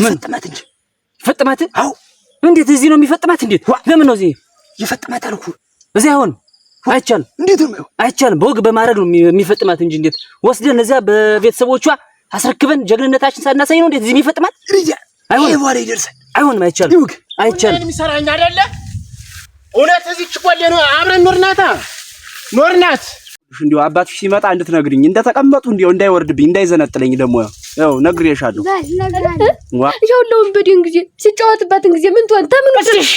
ይፈጥማት እንጂ ይፈጥማት። አዎ እንዴት እዚህ ነው የሚፈጥማት? እንዴት ለምን ነው እዚህ ይፈጥማት አልኩ። እዚህ አይሆንም፣ አይቻልም። እንዴት ነው አይቻልም? በወግ በማረግ ነው የሚፈጥማት እንጂ እንዴት ወስደን እዚያ በቤተሰቦቿ አስረክበን ጀግንነታችን ሳናሳይ ነው እንዴት እዚህ የሚፈጥማት? ልያ አይሆንም፣ በኋላ ይደርሳል። አይሆንም፣ አይቻልም፣ አይቻልም። የሚሰራኝ አይደለ እውነት። እዚህ ችኮሌ ነው አብረን ኖርናታ ኖርናት እንዲሁ አባትሽ ሲመጣ እንድትነግሪኝ እንደተቀመጡ እንዲሁ እንዳይወርድብኝ እንዳይዘነጥለኝ ደግሞ ያው ነግሬሻለሁ። ይኸውልህ በደን ጊዜ ሲጫወትበትን ጊዜ ምን ትሆን ተምን እሺ፣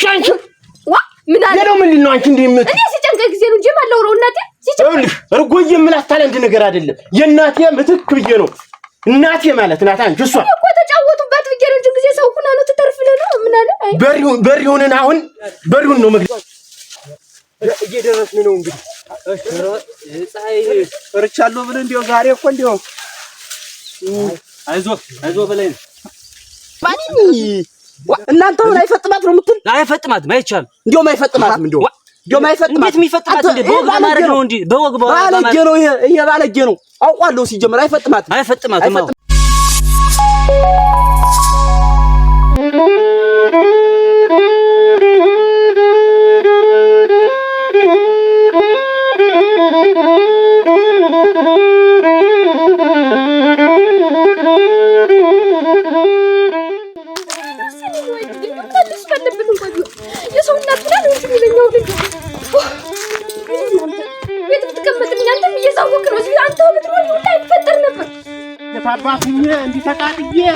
ምን አለ ነው ምን ነው አንቺ እንደ የምት እኔ ሲጨንቀኝ ጊዜ ነው እንጂ የማላወራው እናቴ ሲጨንቀኝ እርጎዬ የምላት ታለንድ ነገር አይደለም። የእናቴ ምትክ ብዬ ነው እናቴ ማለት ናት። አንቺ እሷ እኮ ተጫወቱበት ብዬ ነው እንጂ ጊዜ ሰው ሁና ነው ትተርፍለ ነው ምን አለ በሪሁን በሪሁንን አሁን በሪሁን ነው መግለጽ እየደረስን ነው እንግዲህ ፀሐይ እርቻለሁ ብለህ እንዲያው ዛሬ እኮ እንዲያው አይዞህ አይዞህ በላይ ነው። እናንተ ምን አይፈጥማት ነው የምትል? አይፈጥማትም፣ አይቻልም። እንዲያውም አይፈጥማትም፣ እንዲያውም አይፈጥማትም። እንዴት የሚፈጥማት እንዴ? በወግ ነው እንጂ በወግ ባለጌ ነው ይሄ፣ ባለጌ ነው አውቋለሁ። ሲጀመር አይፈጥማትም፣ አይፈጥማትም ብዬ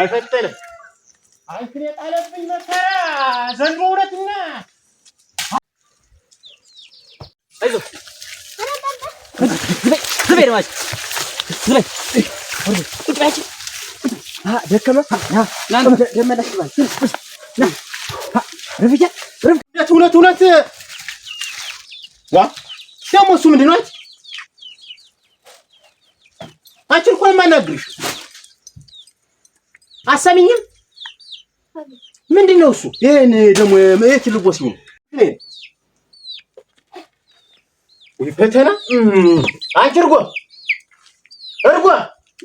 አይፈጠንም። አንክን የጣለብኝ መከራ ዘንድሮ እውነት ደግሞ እሱ ምንድን ነው? አንቺን እኮ የማናግርሽ አሰሚኝም። ምንድን ነው እሱ? ይሄን ደግሞ የት ልወስኝ ነው? ፈተና አንቺ እርጎ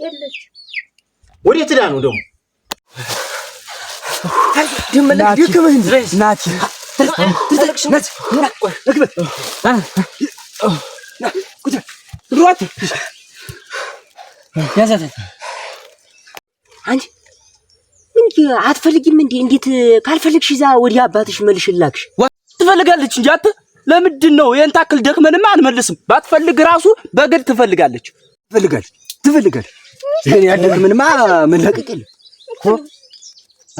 የለችም። ወዴት ሄዳ ነው ደግሞ? አንቺ ምን አትፈልጊም እንዴ? እንዴት ካልፈልግሽ እዛ ወዲያ አባትሽ መልሽላክሽ ትፈልጋለች እንጂ አት ለምንድን ነው ይህን ታክል ደክመንማ አንመልስም። ባትፈልግ ራሱ በግድ ትፈልጋለች ትፈልጋለች ትፈልጋለች ይሄን ያደግ ምንማ መለቀቅ የለም እኮ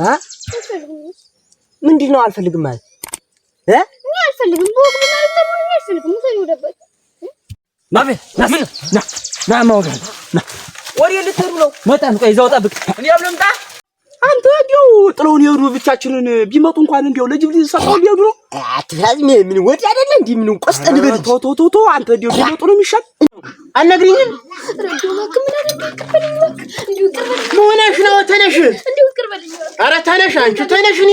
አ ምንድን ነው አልፈልግም ማለት እ እኔ አልፈልግም ቦክ ማለት ነው እኔ አልፈልግም ሰው ይወደበት ማፌ ና ና ና ማውጋ ና ልትሄዱ ነው መጣን ቆይ እዛው ጠብቅ እኔ አብለምጣ አንተ እንዲያው ጥለውን የሩ ብቻችንን ቢመጡ እንኳን እንዲያው ለጅብ ሊሰጠው ቢሄዱ ነው። አትፍራዝ። ምን ወዲ አይደለ እንዲህ ምን ቆስጠ ንገር። ቶ ቶ ቶ አንተ እንዲያው ቢመጡ ነው የሚሻል። አልነግሪኝም መሆነሽ ነው። ተነሽ፣ ኧረ ተነሽ፣ አንቺ ተነሽ። እኔ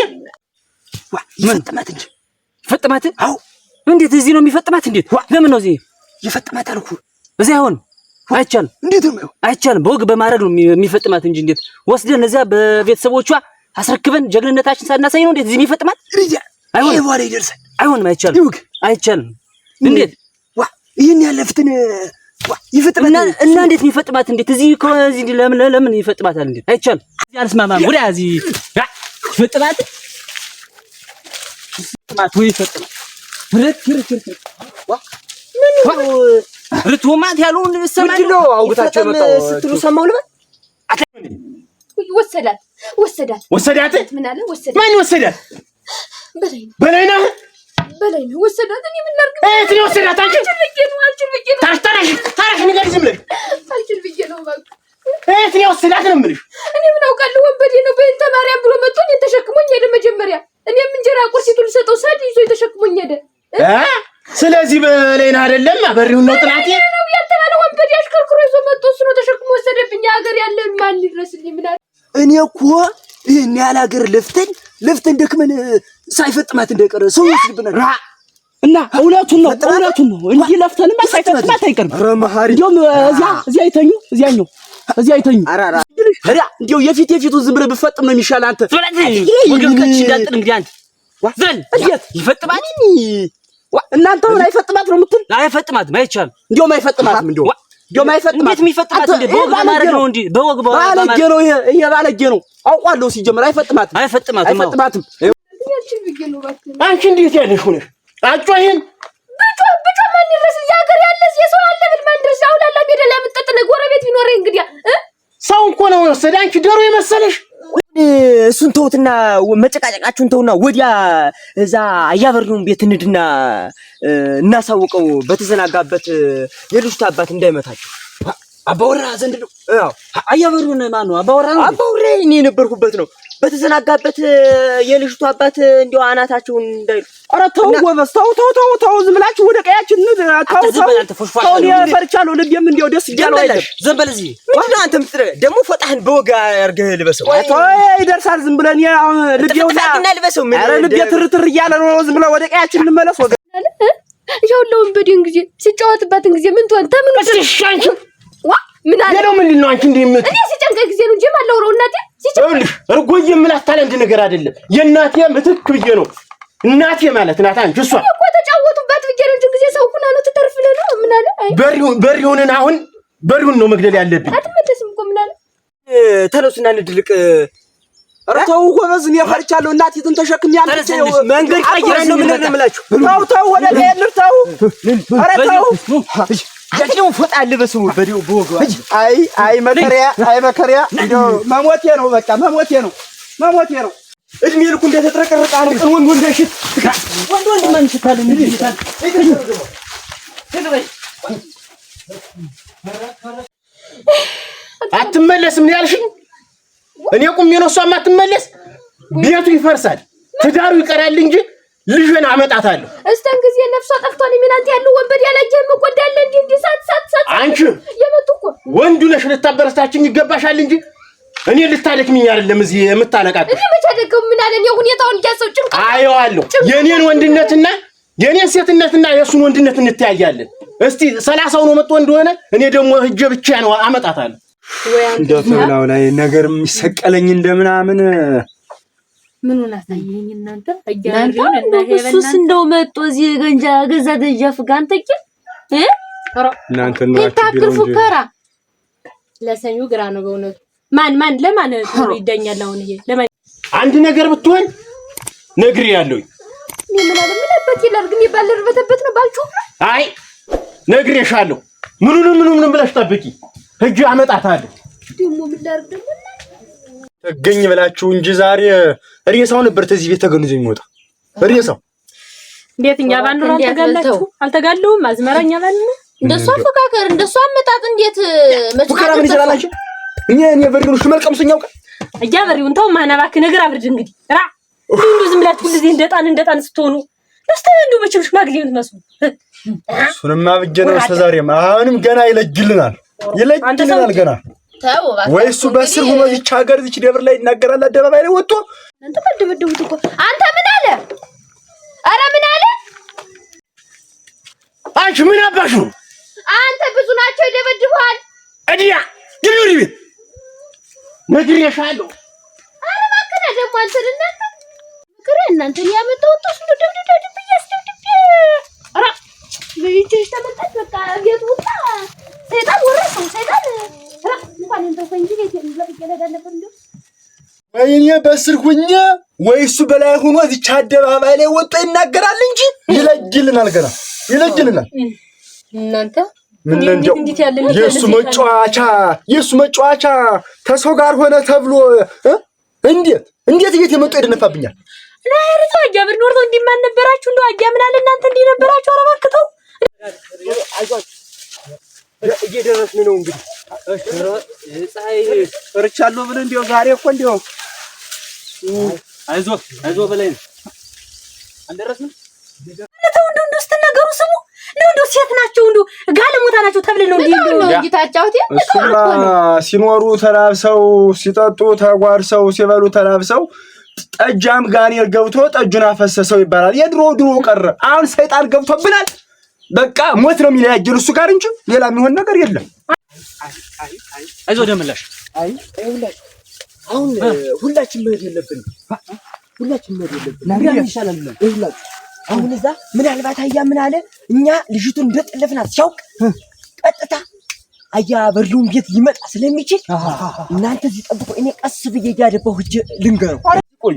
ይፈጥማት እንጂ ይፈጥማት። አዎ እንዴት እዚህ ነው የሚፈጥማት? እንዴት ለምን ነው እዚህ ይፈጥማት አልኩህ። እዚህ አይሆንም አይቻልም። እንዴት ነው? አይቻልም። በወግ በማድረግ ነው የሚፈጥማት እንጂ እንዴት ወስደን እዚያ በቤተሰቦቿ አስረክበን ጀግንነታችን ሳናሳይ ነው እንዴት እዚህ የሚፈጥማት? አይሆንም፣ በኋላ ይደርሳል። አይሆንም፣ አይቻልም፣ አይቻልም። እንዴት ዋ ይህን ያለፍትን ይፈጥማት እና እንዴት የሚፈጥማት እንዴት እዚህ ከዚህ ለምን ለምን ይፈጥማታል? እንዴት አይቻልም። አልስማማም። ወዲያ እዚህ ይፈጥማት ይፈጥማት ወይ ይፈጥማት ብትሆማት ያለውን ሰማለው አውግታቸው መጣው ስትሉ ሰማው ልበል። ወሰዳት ወሰዳት ወሰዳት ምን አለ ወሰዳት ማን ወሰዳት? በላይ ነው በላይ ወሰዳት። እኔ ምን ላድርግ? እህት ነው ወሰዳት። አንቺ ታሽ ንገሪ ዝም ብለሽ ነው። እህት ነው ወሰዳት ነው የምልሽ ሌላ አይደለም። አበሪውን ነው ጥናቴ አሽከርክሮ ይዞ መጥቶ እሱ ነው ተሸክሞ ወሰደብኝ። ሀገር ያለ ማን ሊድረስልኝ? ምን እኔ እኮ ይህን ያህል ሀገር ልፍተን ልፍተን ደክመን ሳይፈጥማት እንደቀረ ሰው ይስልብናል እና እውነቱን ነው እውነቱን ነው እንጂ ለፍተንማ ሳይፈጥማት አይቀርም። እንዲያውም እዚያ እዚያ አይተኙ እዚያኛው እዚያ አይተኙ እንዲያው የፊት የፊቱን ዝም ብለህ ብፈጥም ነው የሚሻል። አንተ ዝም ብለህ እንዳጥን እንግዲህ አንተ ዝም ብለህ ይፈጥማል እናንተ ምን አይፈጥማት ነው የምትል? አይፈጥማት ማይቻል እንዲያውም አይፈጥማት እንዲያውም እንዲያውም አይፈጥማት የሚፈጥማት እንዴ በወግ በማድረግ ነው እንዴ? በወግ ባለጌ ነው ይሄ ይሄ ባለጌ ነው አውቋለሁ። ሲጀምር አይፈጥማት አይፈጥማት አይፈጥማት። አንቺ እንዴት ያለሽ ሆነሽ አጫይን ብጮ ብጮ ማን ይረስ ያገር ያለስ የሰው አለ ብል ማን ድረስ አውላላ ቢደላ ነው ጎረቤት ቢኖር እንግዲያ ሰው እኮ ነው ወሰደ። አንቺ ደሮ የመሰለሽ እሱን ተውትና መጨቃጨቃችሁን ተውና ወዲያ እዛ አያበሪውን ቤት እንድና እናሳውቀው። በተዘናጋበት የልጅቱ አባት እንዳይመታችሁ። አባወራ ዘንድ ነው አያበሪውን። ማነው አባወራ? አባወራ እኔ የነበርኩበት ነው። በተዘናጋበት የልጅቱ አባት እንዲያው አናታቸው እንዳይሉ። ኧረ ተው ጎበዝ፣ ተው ተው ተው ተው፣ ዝም ብላችሁ ወደ ቀያችን ተው ተው ተው። ፈርቻለሁ፣ ልቤም እንዲያው ደስ እያለው አይደል። ዝም በል እዚህ ምንድን ነው አንተ የምትደረገ ደግሞ ፎጣህን በወጋ አድርገህ ልበሰው። ይደርሳል። ዝም ብለን አሁን ልቤ ሁላ ልበሰው። ኧረ ልቤ ትርትር እያለ ነው። ዝም ብለን ወደ ቀያችን እንመለስ። ወገ ያውለውን በዲን ጊዜ ሲጫወትበትን ጊዜ ምን ትሆን ተምኑ ምን አለ ነው ምንድን ነው አንቺ እንዲህ የምት እኔ ሲጨንቀኝ ጊዜ ነው እንጂ ማለውረው እናቴ እርጎ የምላት ታለንድ ነገር አይደለም። የእናቴ ምትክ ብዬ ነው እናቴ ማለት ናት። አንቺ እሷ እኮ ተጫወቱባት ብዬ ነው ጊዜ ሰው ሁና ነው ትተርፍለ ነው ምን አለ በሪሁንን አሁን በሪሁን ነው መግደል ያለብኝ። አትመለስም እኮ ምን ተነሱና ንድልቅ ተው ጎበዝ፣ እኔ ፈርቻለሁ። እናቴትን ተሸክም መንገድ ቀይረን ነው ምን ተው ተው፣ ወደ ልር ተው፣ ኧረ ተው ያቺው ፎጣ ልበስ ነው። በዲው ቦግ አይ አይ መከሪያ አይ መከሪያ እንደው መሞቴ ነው። በቃ መሞቴ ነው። መሞቴ ነው። እድሜ ልኩ እንደተጥረቀረቀ ነው። ወንድ ወንድ አይሽት ወንድ ወንድ ማን ይሽታል? እንዴ ይሽታል። አትመለስም ነው ያልሽኝ? እኔ ቁሜ ነው እሷም አትመለስ። ቤቱ ይፈርሳል፣ ትዳሩ ይቀራል እንጂ ልጅን አመጣታለሁ። ነፍሷ ጠፍቷል የሚል አንተ ያለው ወንበዴ ያላየህም እኮ እንዳለ እንዲህ እንዲህ ሳት ሳት ሳት አንቺ የመጡ እኮ ወንዱ ነሽ ልታበረታችኝ ይገባሻል እንጂ እኔ ልታደክሚኝ አይደለም እዚህ የምታነቃት እኔ መቼ አደገው ምን አለ ነው ሁኔታውን እያሰው አየዋለሁ የኔን ወንድነትና የኔን ሴትነትና የእሱን ወንድነት እንተያያለን እስቲ ሰላሳው ነው መጥቶ እንደሆነ እኔ ደግሞ ህጀ ብቻ ነው አመጣታለሁ እንደው ተብላው ላይ እንደምናምን ምን ሆናታየኝ እናንተ እሱስ እንደው መጥቶ እዚህ ገንጃ ገዛ ደጃፍ ጋር አንተ እኪ እ እናንተ ነው አትታክፉ ግራ ነው በእውነቱ። ማን ማን ለማን ጥሩ ይዳኛል? አሁን ይሄ ለማን አንድ ነገር ብትሆን ነግሪ ያለው ምን ማለት ምን አባት ይላል ግን በተበት ነው ባልቹ አይ ነግሬሻለሁ። ምኑንም ምኑንም ብለሽ ጠብቂ፣ ሂጅ አመጣታለሁ። ደግሞ ምን ላድርግ ደግሞ ተገኝ ብላችሁ እንጂ ዛሬ ሬሳው ነበር ተዚህ ቤት ተገኑ ተገንዞ የሚወጣ ሬሳው። እንዴት እኛ ባንዱ ነው ተጋላችሁ? አልተጋለውም። አዝመራኛ ባንዱ እንደሱ አፈካከር እንደሱ አመጣጥ እንዴት መጥቃራ ምን ይችላል ይችላላችሁ? እኛ እኔ በሬውን እሱ መልቀም ሰኛው ቀን እያ በሬውን ተው ማናባክ ነገር አብርድ እንግዲህ ራ እንዱ ዝም ብላችሁ ሁሉ ጊዜ እንደጣን እንደጣን ስትሆኑ ደስተ እንዱ መቼም ሽማግሌ የምትመስሉ እሱንም አብጀነው እስከ ዛሬም አሁንም ገና ይለጅልናል፣ ይለጅልናል ገና ወይ እሱ በስር ሆኖ ይች ሀገር ይች ደብር ላይ ይናገራል። አደባባይ ላይ ወጥቶ እንትን በድብድቡት እኮ አንተ ምን አለ? አረ ምን አለ? አንቺ ምን አባሹ አንተ ብዙ ናቸው ይደበድበዋል። እዲያ ግብሪ ቤት ነግሬሻለሁ። አረ እባክህ ደግሞ አንተን እናንተ ምክሬ እናንተን ያመጣው ተስ ደብድብ ደብድብ እያስደብድብ አራ ይቺ ተመጣች በቃ ቤት ውጣ ሰይጣን ወረሰው ሰይጣን ወይ እንደው እንጂ በስር ሁኜ ወይ እሱ በላይ ሆኖ እዚች አደባባይ ላይ ወጥቶ ይናገራል እንጂ ይለጅልናል፣ ገና ይለጅልናል። እናንተ የእሱ የእሱ ጋር ሆነ ተብሎ እንዴት እንዴት እየት የመጡ ይደነፋብኛል። ናይርቶ አያ ብር ኖርቶ እንዲማን ነበራችሁ እንደው አያ እናንተ እንዲህ ነበራችሁ አረባክተው እየደረስን ነው እንግዲህ ፀሐይ እርቻለሁ ብለህ እንዲያው ዛሬ እኮ እንዲያው አይዞህ አይዞህ በላይ ነው። አልደረስንም ሲኖሩ ተላብሰው ሲጠጡ ተጓርሰው ሲበሉ ተላብሰው ጠጃም ጋኔል ገብቶ ጠጁን አፈሰሰው ይባላል። የድሮ ድሮ ቀረ። አሁን ሰይጣን ገብቶብናል። በቃ ሞት ነው የሚለያየን እሱ ጋር እንጂ ሌላ የሚሆን ነገር የለም። አይዞ ደምላሽ። አይ አሁን ሁላችን መሄድ የለብን፣ ሁላችን መሄድ የለብንም ይሻላል። አሁን እዛ ምናልባት አያ ምን አለ እኛ ልጅቱን እንደጠለፍናት ሲያውቅ ቀጥታ አያ በርሉን ቤት ሊመጣ ስለሚችል እናንተ እዚህ ጠብቁ፣ እኔ ቀስ ብዬ እያደባሁ ልንገረው። ቆይ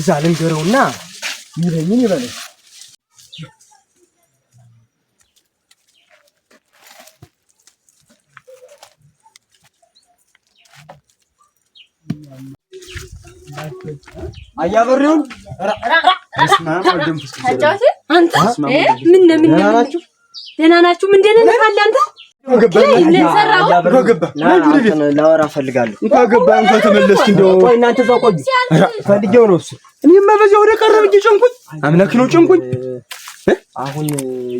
እዛ ልንገረውና ይለኝን ይበለ አያበሪውን ምን ምን ደህና ናችሁ? ምን ደህና ነህ? አለ አንተ ላወራ እፈልጋለሁ። እንኳን ገባህ፣ እንኳን ተመለስክ። እንደው ቆይ እናንተ እዛው ቆዩ፣ ፈልጌው ነው እሱ እኔማ በዚያ ወደ ቀረብ እጄ ጨንኩኝ፣ አምላክ ነው ጨንኩኝ። አሁን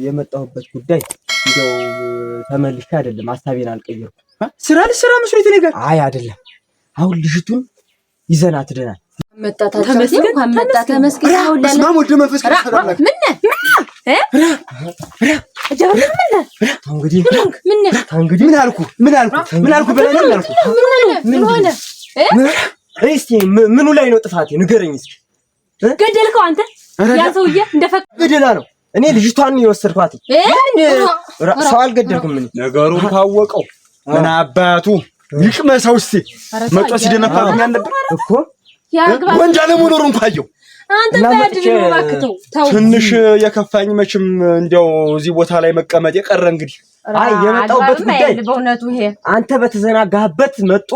የመጣሁበት ጉዳይ እንደው ተመልሼ አይደለም፣ ሀሳቤን አልቀየርኩም። ስራ ልስራ መስሎኝ ነገር አይ አይደለም። አሁን ልጅቱን ይዘናት ደናል ምኑ ላይ ነው ጥፋቴ? ንገረኝ እስኪ ገደልከው አንተ ያን ሰውዬ እንደፈቅ ገደላ ነው። እኔ ልጅቷን የወሰድኳት ሰው አልገደልኩም። ምን ነገሩን ካወቀው ምን አባቱ ይቅመሰው። እስቲ መጮ ሲደነፋብኝ አልነበር እኮ ወንድ አለመኖሩ እንኳየው ትንሽ የከፋኝ መቼም እንዲያው እዚህ ቦታ ላይ መቀመጥ የቀረ እንግዲህ አይ የመጣሁበት ጉዳይ አንተ በተዘናጋህበት መጦ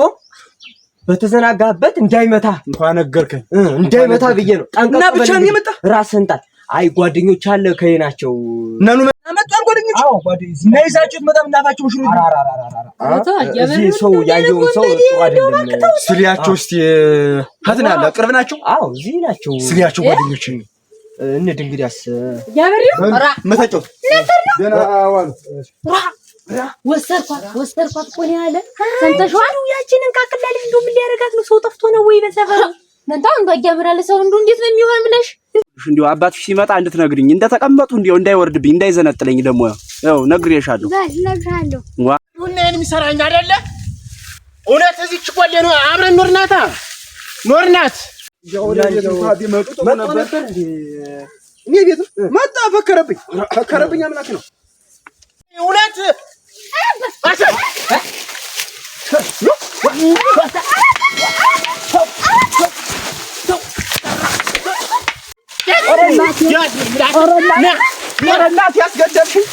በተዘናጋበት እንዳይመታ እንኳን ነገርከኝ እንዳይመታ ብዬ ነው። ጠንቀቅ ብቻ ነው የመጣ ራስህን ጣል። አይ ጓደኞች አለ ከኔ ናቸው እና መጣን ጓደኞች። አዎ ጓደኞች እና ይዛችሁት መጣም እናታችሁ ሽሩ እዚህ ሰው ያየው ሰው ጥሩ ስሪያቸው እስቲ ከዝና አለ ቅርብ ናቸው። አዎ እዚህ ናቸው ስሪያቸው ጓደኞች እንሂድ እንግዲያስ ያበሪው ራ መታጨው ነበር ነው ወሰድኳት እኮ ነው ያለ። ሰምተሽዋል? ያቺን እንቃቅላ ልጅ እንደው ምን ሊያደርጋት ነው? ሰው ጠፍቶ ነው ወይ በሰፈሩ? መንታው እንዷ ያምራል። ሰው እንደው እንዴት ነው የሚሆን ብለሽ እንዲሁ አባትሽ ሲመጣ እንድትነግሪኝ እንደተቀመጡ እንዲሁ እንዳይወርድብኝ እንዳይዘነጥለኝ ደግሞ ያው ነግሬሻለሁ። ነግሬሻለሁ። ሁሉ ነን የሚሰራኝ አይደለ? እውነት እዚች ቆሌ ነው አብረን ኖርናታ ኖርናት እኔ ቤት መጣ። ፈከረብኝ ፈከረብኝ። አምላክ ነው እውነት እናት ያስገደብሽኝ